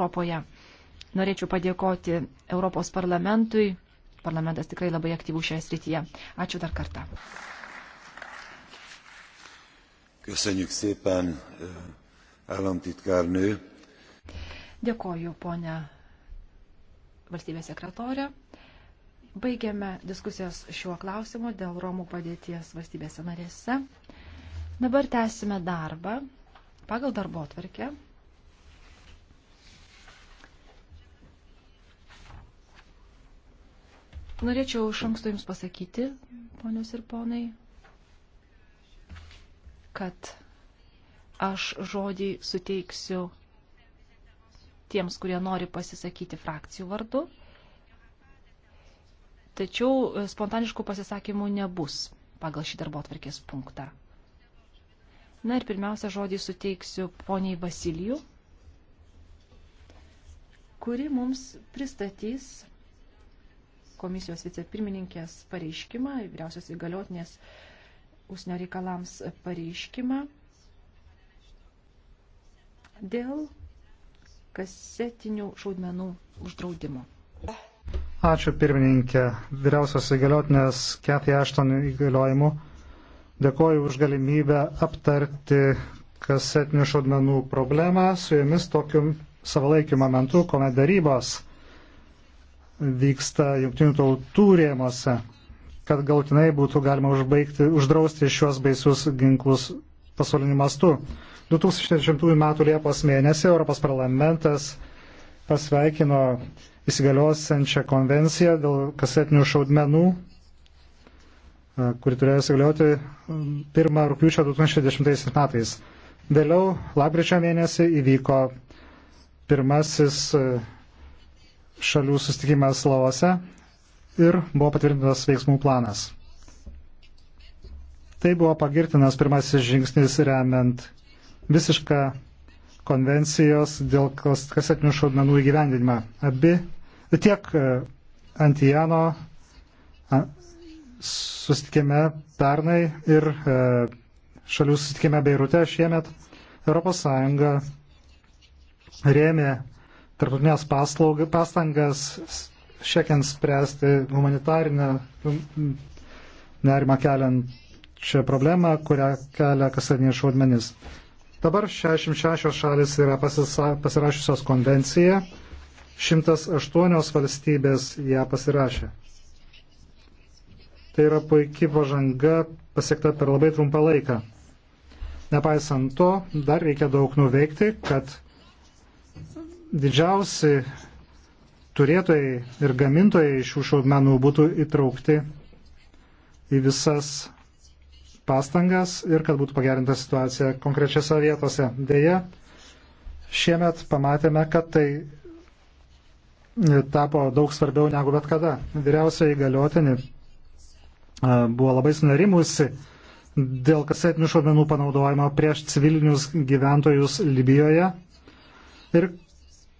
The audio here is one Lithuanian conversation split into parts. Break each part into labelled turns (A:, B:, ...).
A: Europoje. Norėčiau padėkoti Europos parlamentui. Parlamentas tikrai labai aktyvų šioje srityje. Ačiū dar kartą.
B: Köszönjük szépen, államtitkárnő.
A: Dėkoju, ponia valstybės sekretorė. Baigiame diskusijas šiuo klausimu dėl Romų padėties valstybėse narėse. Dabar tęsime darbą pagal darbo atvarkę. Norėčiau iš anksto Jums pasakyti, ponios ir ponai, kad aš žodį suteiksiu tiems, kurie nori pasisakyti frakcijų vardu. Tačiau e, spontaniškų pasisakymų nebus pagal šį darbo atvarkės punktą. Na ir pirmiausia, žodį suteiksiu poniai Vasilijų, kuri mums pristatys komisijos vicepirmininkės pareiškimą, vyriausios įgaliotinės užsienio reikalams pareiškimą dėl kasetinių šaudmenų uždraudimo.
C: Ačiū pirmininkė. Vyriausios įgaliotinės Ketė Ašton įgaliojimu. Dėkoju už galimybę aptarti kasetinių šaudmenų problemą su jumis tokiu savalaikiu momentu, kuomet darybos vyksta jungtinių tautų rėmose, kad galtinai būtų galima užbaigti, uždrausti šios baisius ginklus pasauliniu mastu. 2010 m. Liepos mėnesį Europos parlamentas pasveikino įsigaliosiančią konvenciją dėl kasetinių šaudmenų, e, kuri turėjo įsigalioti 1 rūpiučio 2010 metais. Vėliau, lapkričio mėnesį įvyko pirmasis e, šalių sustikimas lavose ir buvo patvirtintas veiksmų planas. Tai buvo pagirtinas pirmasis žingsnis remiant visišką konvencijos dėl kasetinių šaudmenų įgyvendinimą. Abi tiek e, Antijano susitikime pernai ir e, šalių susitikime Beirute šiemet ES rėmė tarptautinės pastangas siekiant spręsti humanitarinę nerimą keliančią problemą, kurią kelia kasadiniai šaudmenys. Dabar 66 šalis yra pasisa, pasirašiusios konvenciją, 108 valstybės ją pasirašė. Tai yra puikiai pažanga pasiekta per labai trumpą laiką. Nepaisant to, dar reikia daug nuveikti, kad didžiausi turėtojai ir gamintojai šių šaudmenų būtų įtraukti į visas pastangas ir kad būtų pagerinta situacija konkrečiose vietose. Deja, šiemet pamatėme, kad tai tapo daug svarbiau negu bet kada. Vyriausiai galiotinį buvo labai sunerimusi dėl kasetinių šaudmenų panaudojimo prieš civilinius gyventojus Libijoje ir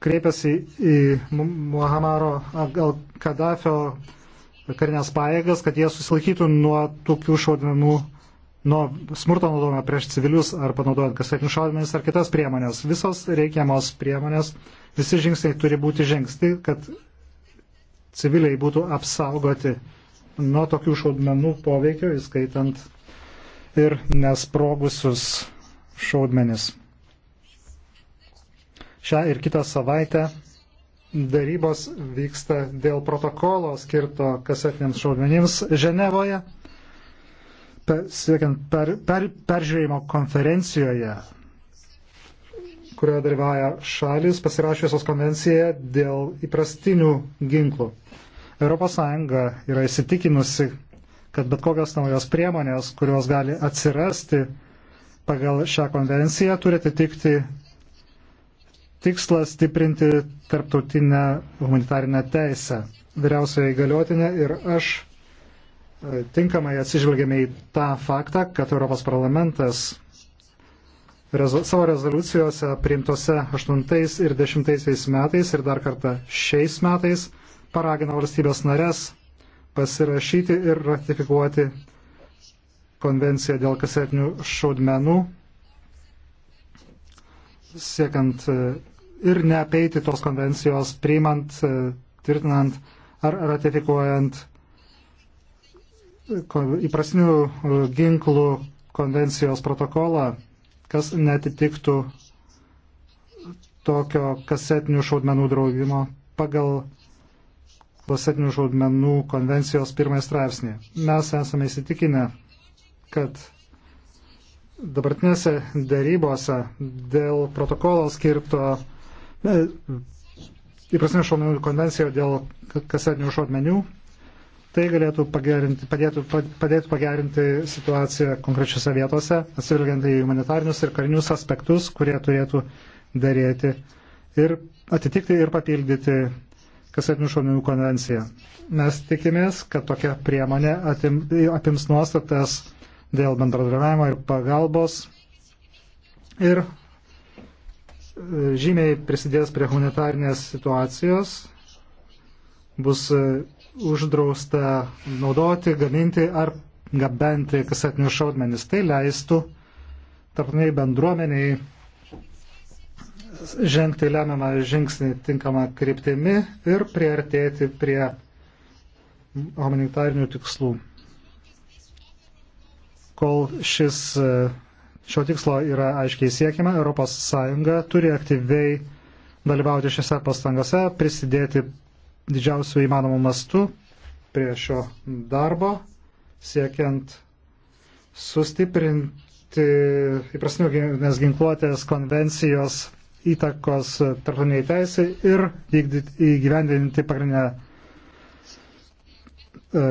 C: kreipėsi į Muhamaro Al-Kadafio karinės pajėgas, kad jie susilaikytų nuo tokių šaudmenų, nuo smurto naudojimo prieš civilius ar panaudojant kasetinius šaudmenis ar kitas priemonės. Visos reikiamos priemonės, visi žingsniai turi būti žingsti, kad civiliai būtų apsaugoti nuo tokių šaudmenų poveikio, įskaitant ir nesprogusius šaudmenis. Šią ir kitą savaitę darybos vyksta dėl protokolo skirto kasetiniams šaudmenims Ženevoje, per, siekiant per, per, peržiūrėjimo konferencijoje, kurioje dalyvauja šalis pasirašiusios konvenciją dėl įprastinių ginklų. ES yra įsitikinusi, kad bet kokios naujos priemonės, kurios gali atsirasti pagal šią konvenciją, turi atitikti tikslas stiprinti tarptautinę humanitarinę teisę. Vyriausioji galiotinė ir aš e, tinkamai atsižvelgėme į tą faktą, kad Europos parlamentas rezo, savo rezoliucijose priimtose 8 ir 10 metais ir dar kartą šiais metais paragino valstybės narės pasirašyti ir ratifikuoti konvenciją dėl kasetinių šaudmenų, siekiant e, ir neapeiti tos konvencijos priimant, e, tvirtinant ar ratifikuojant e, įprasnių e, ginklų konvencijos protokolą, kas netitiktų tokio kasetinių šaudmenų draudimo pagal kasetinių šaudmenų konvencijos pirmąjį straipsnį. Mes esame įsitikinę, kad dabartinėse darybose dėl protokolo skirto Na, įprasme šaudmenų konvencija dėl kasetinių šaudmenių. Tai galėtų pagerinti, padėtų, padėtų pagerinti situaciją konkrečiose vietose, atsivilgiant į humanitarinius ir karinius aspektus, kurie turėtų dėrėti ir atitikti ir papildyti kasetinių šaudmenų konvenciją. Mes tikimės, kad tokia priemonė atim, apims nuostatas dėl bendradarbiavimo ir pagalbos ir žymiai prisidės prie humanitarnės situacijos, bus e, uždrausta naudoti, gaminti ar gabenti kasetinius šaudmenis. Tai leistų tarptautiniai bendruomeniai žengti lemiamą žingsnį tinkamą kryptimi ir priartėti prie humanitarinių tikslų. Kol šis e, Šio tikslo yra aiškiai siekima. ES turi aktyviai dalyvauti šiose pastangose, prisidėti didžiausių įmanomų mastų prie šio darbo, siekiant sustiprinti įprasnių ginkluotės konvencijos įtakos tarptautiniai teisai ir įgyvendinti pagrindinę e,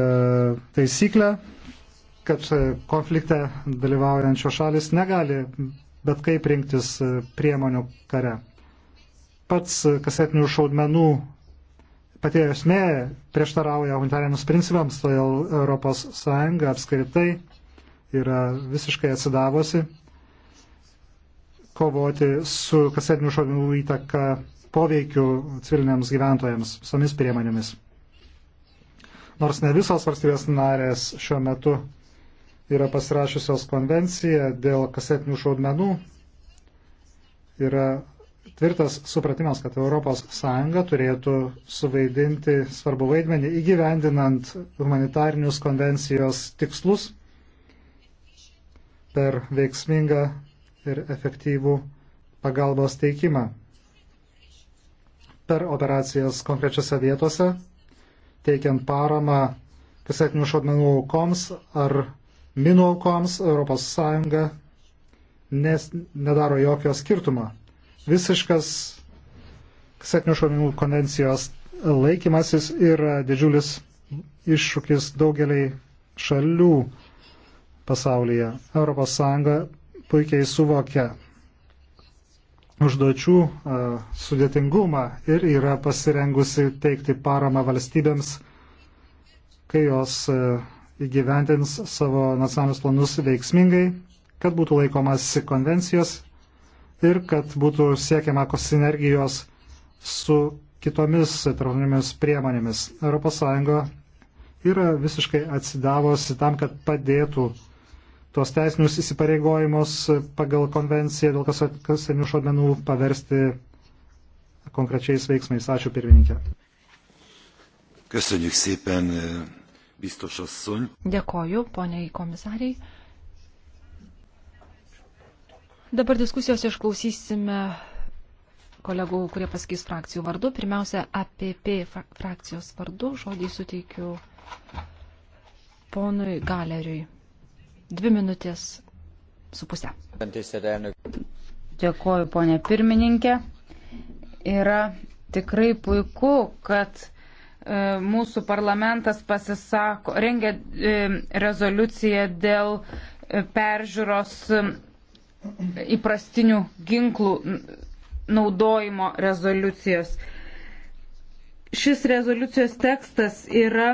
C: taisyklę kad konflikte dalyvaujančios šalis negali bet kaip rinktis priemonių kare. Pats kasetinių šaudmenų pati esmė prieštarauja humanitariniams principams, todėl ES apskritai yra visiškai atsidavusi kovoti su kasetinių šaudmenų įtaka poveikiu civiliniams gyventojams visomis priemonėmis. Nors ne visos valstybės narės šiuo metu yra pasirašiusios konvenciją dėl kasetinių šaudmenų, yra tvirtas supratimas, kad ES turėtų suvaidinti svarbu vaidmenį įgyvendinant humanitarinius konvencijos tikslus per veiksmingą ir efektyvų pagalbos teikimą per operacijas konkrečiose vietose, teikiant paramą kasetinių šaudmenų aukoms ar Minų aukoms ES nes, nedaro jokio skirtumo. Visiškas kasetinių šovinių konvencijos laikymasis yra didžiulis iššūkis daugeliai šalių pasaulyje. ES puikiai suvokia užduočių sudėtingumą ir yra pasirengusi teikti paramą valstybėms, kai jos įgyventins savo nacionalinius planus veiksmingai, kad būtų laikomasi konvencijos ir kad būtų siekiama sinergijos su kitomis tarptautinėmis priemonėmis. ES yra visiškai atsidavosi tam, kad padėtų tuos teisinius įsipareigojimus pagal konvenciją dėl kasenių šodmenų paversti konkrečiais veiksmais. Ačiū pirmininkė.
B: Köszönjük szépen biztos asszony.
A: Dėkoju, poniai komisariai. Dabar diskusijos išklausysime kolegų, kurie pasakys frakcijų vardu. Pirmiausia, APP frakcijos vardu žodį suteikiu ponui Galeriui. Dvi minutės su pusė.
D: Dėkoju, ponė pirmininkė. Yra tikrai puiku, kad E, mūsų parlamentas pasisako, rengia e, rezoliuciją dėl e, peržiūros įprastinių ginklų naudojimo rezoliucijos. Šis rezoliucijos tekstas yra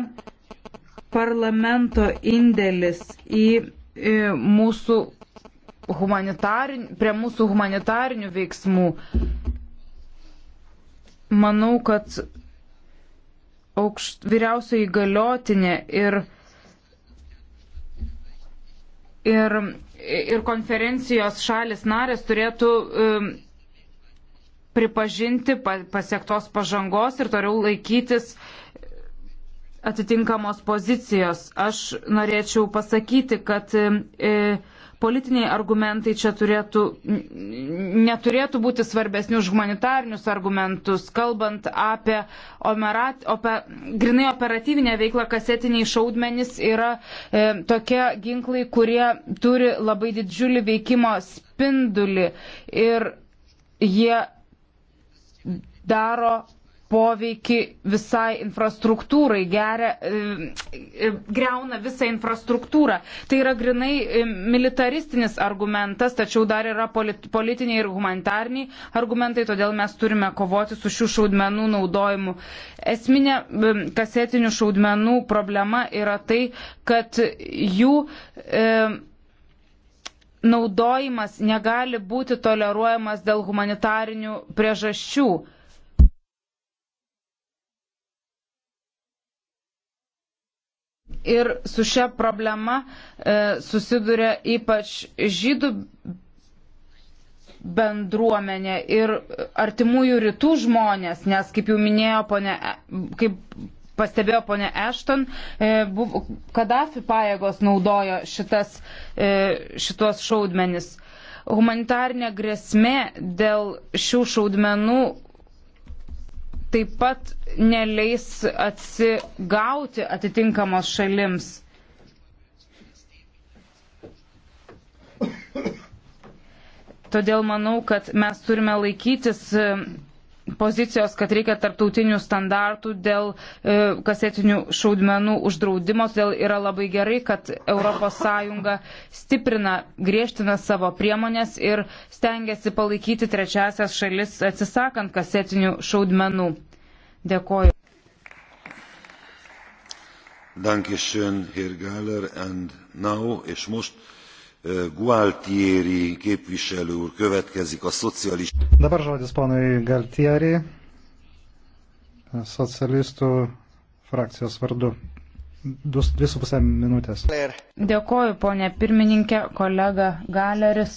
D: parlamento indėlis į mūsų prie mūsų humanitarinių veiksmų. Manau, kad aukšt, vyriausioji galiotinė ir, ir, ir konferencijos šalis narės turėtų um, pripažinti pasiektos pažangos ir toliau laikytis uh, atitinkamos pozicijos. Aš norėčiau pasakyti, kad e, politiniai argumentai čia turėtų, neturėtų būti svarbesni už humanitarinius argumentus, kalbant apie omerat, ope, grinai operatyvinę veiklą, kasetiniai šaudmenys yra e, tokie ginklai, kurie turi labai didžiulį veikimo spindulį ir jie daro poveikį visai infrastruktūrai, geria, e, e, greuna visą infrastruktūrą. Tai yra grinai e, militaristinis argumentas, tačiau dar yra politiniai ir humanitarniai argumentai, todėl mes turime kovoti su šių šaudmenų naudojimu. Esminė kasetinių šaudmenų problema yra tai, kad jų e, naudojimas negali būti toleruojamas dėl humanitarinių priežasčių ir su šia problema e, susiduria ypač žydų bendruomenė ir artimųjų rytų žmonės, nes kaip jau minėjo ponė, e, kaip pastebėjo ponė Ešton, e, buvo, Kadafi pajėgos naudojo šitas, e, šitos šaudmenis. Humanitarinė grėsmė dėl šių šaudmenų taip pat neleis atsigauti atitinkamos šalims. Todėl manau, kad mes turime laikytis e, pozicijos, kad reikia tarptautinių standartų dėl e, kasetinių šaudmenų uždraudimo, todėl yra labai gerai, kad ES stiprina, griežtina savo priemonės ir stengiasi palaikyti trečiasias šalis atsisakant kasetinių šaudmenų. Dėkoju.
B: Dankeschön, Herr Geiler. And now, és most uh, Gualtieri képviselő úr következik a szocialista.
C: Dabar žodis ponui Galtieri, socialistų frakcijos vardu. 2,5 minutės.
D: Dėkoju, ponė pirmininkė, kolega Galeris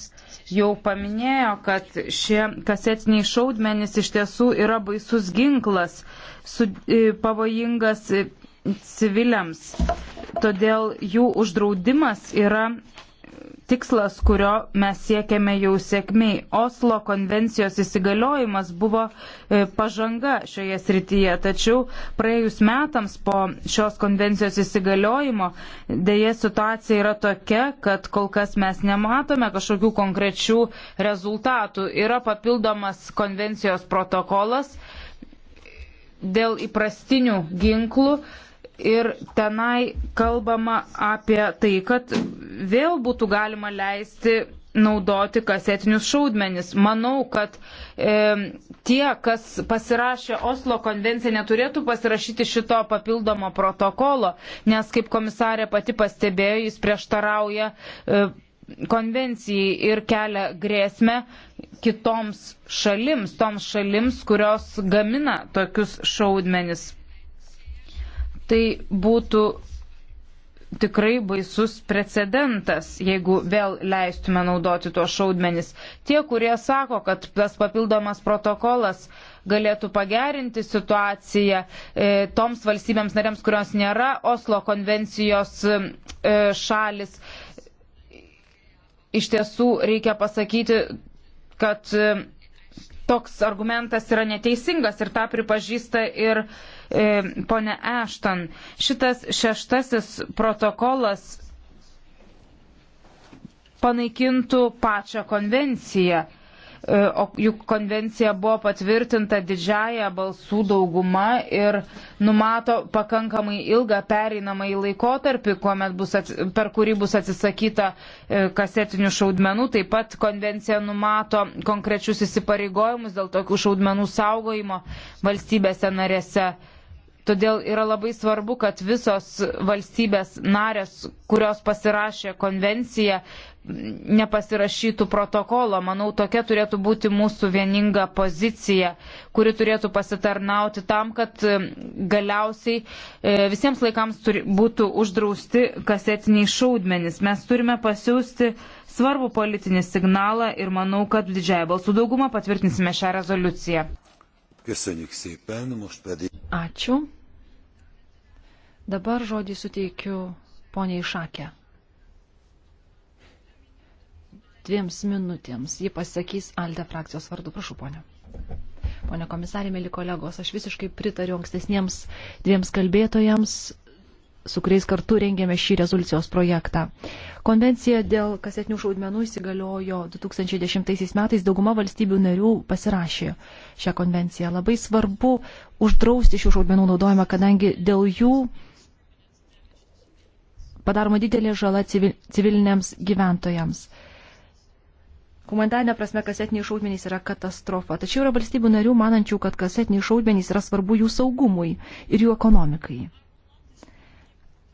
D: jau paminėjo, kad šie kasetiniai šaudmenys iš tiesų yra baisus ginklas, su, e, pavojingas e, civiliams. Todėl jų uždraudimas yra tikslas, kurio mes siekiame jau sėkmiai. Oslo konvencijos įsigaliojimas buvo e, pažanga šioje srityje, tačiau praėjus metams po šios konvencijos įsigaliojimo dėje situacija yra tokia, kad kol kas mes nematome kažkokių konkrečių rezultatų. Yra papildomas konvencijos protokolas dėl įprastinių ginklų ir tenai kalbama apie tai, kad vėl būtų galima leisti naudoti kasetinius šaudmenis. Manau, kad e, tie, kas pasirašė Oslo konvenciją, neturėtų pasirašyti šito papildomo protokolo, nes, kaip komisarė pati pastebėjo, jis prieštarauja e, konvencijai ir kelia grėsmę kitoms šalims, toms šalims, kurios gamina tokius šaudmenis. Tai būtų tikrai baisus precedentas, jeigu vėl leistume naudoti tuos šaudmenis. Tie, kurie sako, kad tas papildomas protokolas galėtų pagerinti situaciją e, toms valstybėms narėms, kurios nėra Oslo konvencijos e, šalis, iš tiesų reikia pasakyti, kad e, toks argumentas yra neteisingas ir tą pripažįsta ir e, ponė Ešton. Šitas šeštasis protokolas panaikintų pačią konvenciją. E, o juk konvencija buvo patvirtinta didžiaja balsų dauguma ir numato pakankamai ilgą pereinamąjį laikotarpį, ats, per kurį bus atsisakyta e, kasetinių šaudmenų. Taip pat konvencija numato konkrečius įsipareigojimus dėl tokių šaudmenų saugojimo valstybėse narėse. Todėl yra labai svarbu, kad visos valstybės narės, kurios pasirašė konvenciją, nepasirašytų protokolo. Manau, tokia turėtų būti mūsų vieninga pozicija, kuri turėtų pasitarnauti tam, kad e, galiausiai e, visiems laikams turi, būtų uždrausti kasetiniai šaudmenys. Mes turime pasiūsti svarbų politinį signalą ir manau, kad didžiai balsų daugumą patvirtinsime šią rezoliuciją.
A: Ačiū. Dabar žodį suteikiu poniai Šakė. Dviems minutėms ji pasakys Alde frakcijos vardu. Prašau, ponė. Pone komisarė, mėly kolegos, aš visiškai pritariu ankstesniems dviems kalbėtojams, su kuriais kartu rengėme šį rezoliucijos projektą. Konvencija dėl kasetinių šaudmenų įsigaliojo 2010 metais, dauguma valstybių narių pasirašė šią konvenciją. Labai svarbu uždrausti šių šaudmenų naudojimą, kadangi dėl jų padaroma didelė žala civil, civiliniams gyventojams. Humanitarinė prasme kasetiniai šaudmenys yra katastrofa, tačiau yra valstybių narių manančių, kad kasetiniai šaudmenys yra svarbu jų saugumui ir jų ekonomikai.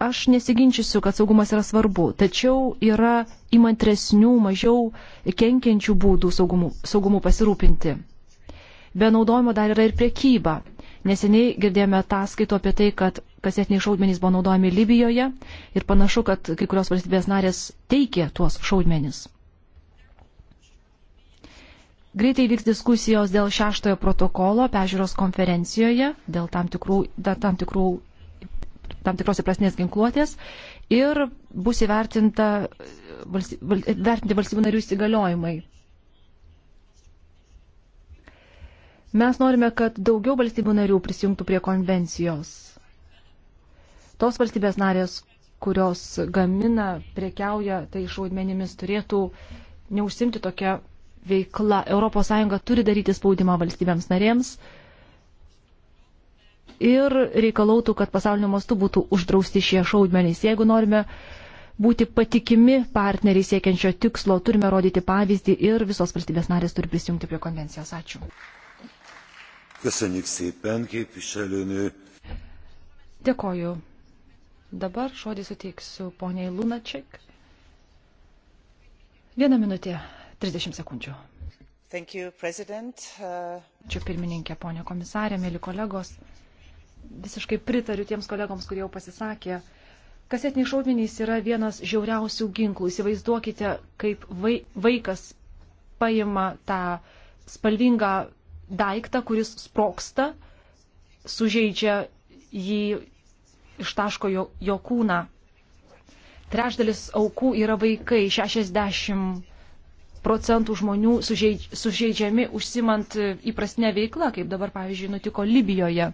A: Aš nesiginčiusiu, kad saugumas yra svarbu, tačiau yra įmantresnių, mažiau kenkiančių būdų saugumu, saugumu pasirūpinti. Be naudojimo dar yra ir priekyba. Neseniai girdėjome ataskaitų apie tai, kad kasetiniai šaudmenys buvo naudojami Libijoje ir panašu, kad kai kurios valstybės narės teikė tuos šaudmenys. Greitai vyks diskusijos dėl šeštojo protokolo pežiūros konferencijoje, dėl tam, tikrų, dėl tam, tikrų, tam tikros įprasnės ginkluotės ir bus įvertinta, valsty, val, vertinti valstybių narių įsigaliojimai Mes norime, kad daugiau valstybių narių prisijungtų prie konvencijos. Tos valstybės narės, kurios gamina, prekiauja tai šaudmenimis, turėtų neužsimti tokią veiklą. ES turi daryti spaudimą valstybėms narėms ir reikalautų, kad pasaulio mastu būtų uždrausti šie šaudmenys. Jeigu norime būti patikimi partneriai siekiančio tikslo, turime rodyti pavyzdį ir visos valstybės narės turi prisijungti prie konvencijos. Ačiū.
B: Köszönjük szépen, képviselőnő.
A: Dėkoju. Dabar žodį suteiksiu poniai Lunačik. Viena minutė, 30 sekundžių.
B: You, uh,
A: Ačiū pirmininkė, ponė komisarė, mėly kolegos. Visiškai pritariu tiems kolegoms, kurie jau pasisakė. Kasetiniai šaudmenys yra vienas žiauriausių ginklų. Įsivaizduokite, kaip vai, vaikas paima tą spalvingą daiktą, kuris sproksta, sužeidžia jį, ištaško jo, jo kūną. Trečdalis aukų yra vaikai, 60 procentų žmonių sužeidžiami užsimant įprastinę veiklą, kaip dabar, pavyzdžiui, nutiko Libijoje.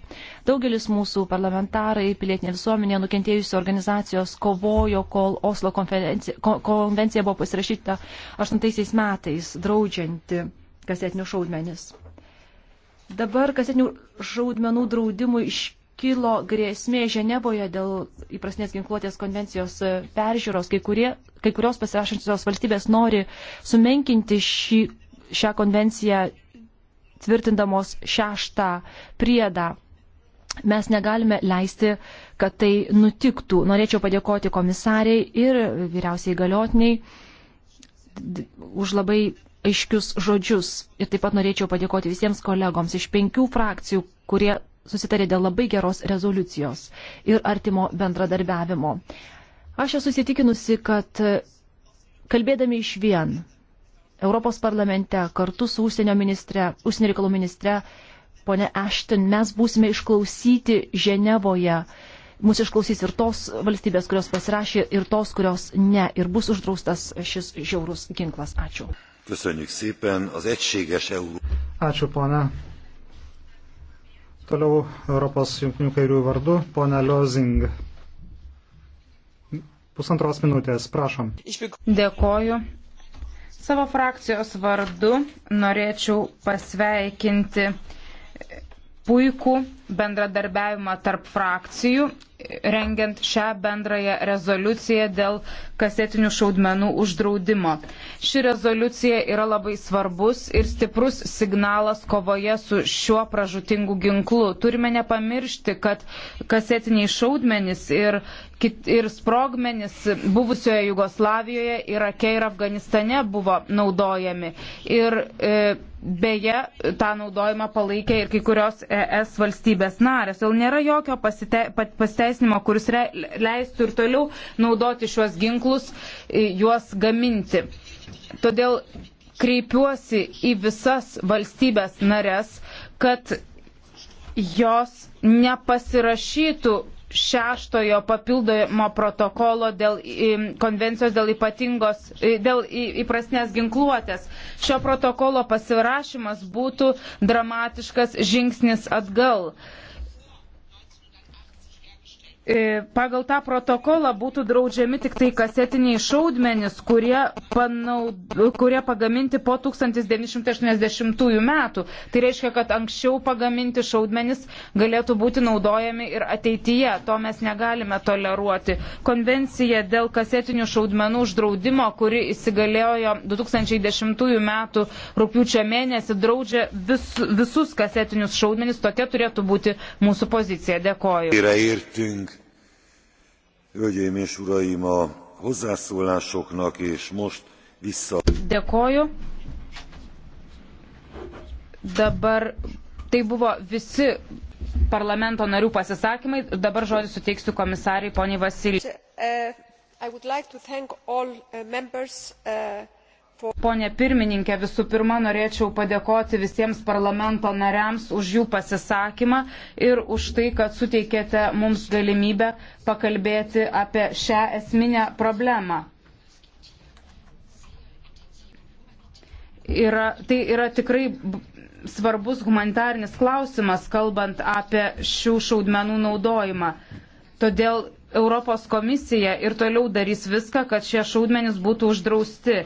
A: Daugelis mūsų parlamentarai, pilietinė visuomenė, nukentėjusi organizacijos kovojo, kol Oslo konvencija, konvencija buvo pasirašyta 8 metais, draudžianti kasetinių šaudmenis. Dabar kasetinių šaudmenų draudimų iškilo grėsmė Ženevoje dėl įprasnės ginkluotės konvencijos peržiūros. Kai, kurie, kai kurios pasirašančios valstybės nori sumenkinti šį, šią konvenciją tvirtindamos šeštą priedą mes negalime leisti, kad tai nutiktų. Norėčiau padėkoti komisariai ir vyriausiai galiotiniai už labai aiškius žodžius. Ir taip pat norėčiau padėkoti visiems kolegoms iš penkių frakcijų, kurie susitarė dėl labai geros rezoliucijos ir artimo bendradarbiavimo. Aš esu įsitikinusi, kad kalbėdami iš vien Europos parlamente kartu su užsienio, ministre, užsienio reikalų ministre, ponė Ashton, mes būsime išklausyti Ženevoje mūsų išklausys ir tos valstybės, kurios pasirašė, ir tos, kurios ne, ir bus uždraustas šis žiaurus ginklas. Ačiū.
B: Köszönjük szépen az egységes euró.
C: Ačiū, pone. Toliau Europos jungtinių kairių vardu, pone Lozing. Pusantros minutės, prašom.
D: Dėkoju. Savo frakcijos vardu norėčiau pasveikinti puikų bendradarbiavimą tarp frakcijų rengiant šią bendrąją rezoliuciją dėl kasetinių šaudmenų uždraudimo. Ši rezoliucija yra labai svarbus ir stiprus signalas kovoje su šiuo pražutingu ginklu. Turime nepamiršti, kad kasetiniai šaudmenys ir, kit, ir sprogmenys buvusioje Jugoslavijoje, Irake ir Afganistane buvo naudojami. Ir, e, Beje, tą naudojimą palaikė ir kai kurios ES valstybės narės. Jau nėra jokio pasite, pasite, pateisinimo, kuris leistų ir toliau naudoti šiuos ginklus, juos gaminti. Todėl kreipiuosi į visas valstybės narės, kad jos nepasirašytų šeštojo papildomo protokolo dėl konvencijos dėl ypatingos, dėl įprasnės ginkluotės. Šio protokolo pasirašymas būtų dramatiškas žingsnis atgal. E, pagal tą protokolą būtų draudžiami tik tai kasetiniai šaudmenys, kurie, panaud... kurie pagaminti po 1980 metų. Tai reiškia, kad anksčiau pagaminti šaudmenys galėtų būti naudojami ir ateityje. To mes negalime toleruoti. Konvencija dėl kasetinių šaudmenų uždraudimo, kuri įsigalėjo 2010 metų rūpiučio mėnesį, draudžia vis, visus kasetinius šaudmenys. Tokia turėtų būti mūsų pozicija. Dėkoju. Yra
B: ir tink Hölgyeim és uraim, a hozzászólásoknak, és most vissza.
D: Dėkoju. Dabar tai buvo visi parlamento narių pasisakymai. Dabar žodį suteiksiu komisarai poniai Vasilijai. Uh, Pone pirmininkė, visų pirma norėčiau padėkoti visiems parlamento nariams už jų pasisakymą ir už tai, kad suteikėte mums galimybę pakalbėti apie šią esminę problemą. Yra, tai yra tikrai svarbus humanitarinis klausimas, kalbant apie šių šaudmenų naudojimą. Todėl Europos komisija ir toliau darys viską, kad šie šaudmenys būtų uždrausti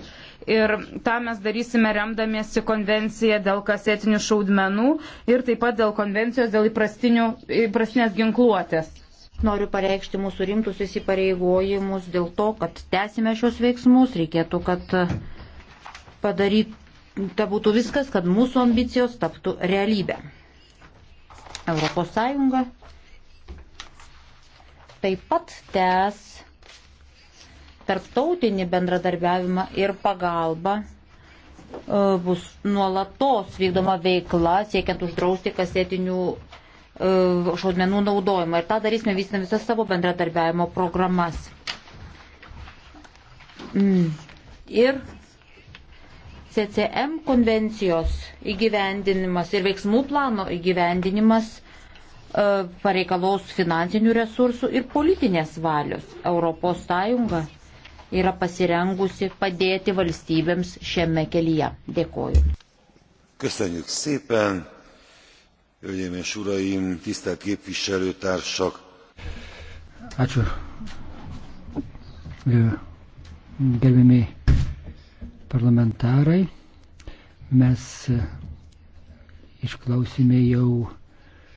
D: ir tą mes darysime remdamiesi konvenciją dėl kasetinių šaudmenų ir taip pat dėl konvencijos dėl įprastinės ginkluotės. Noriu pareikšti mūsų rimtus įsipareigojimus dėl to, kad tęsime šios veiksmus, reikėtų, kad padaryta būtų viskas, kad mūsų ambicijos taptų realybę. Europos Sąjunga taip pat tęs tarptautinį bendradarbiavimą ir pagalbą e, bus nuolatos vykdoma veikla siekiant uždrausti kasetinių e, šaudmenų naudojimą. Ir tą darysime vystydami visas savo bendradarbiavimo programas. Mm. Ir CCM konvencijos įgyvendinimas ir veiksmų plano įgyvendinimas e, pareikalaus finansinių resursų ir politinės valios. Europos Sąjunga yra pasirengusi padėti valstybėms šiame kelyje.
A: Dėkoju.
B: Köszönjük szépen, hölgyeim és uraim, tisztelt képviselőtársak! Ačiū.
C: Gerbiami parlamentarai, mes išklausime jau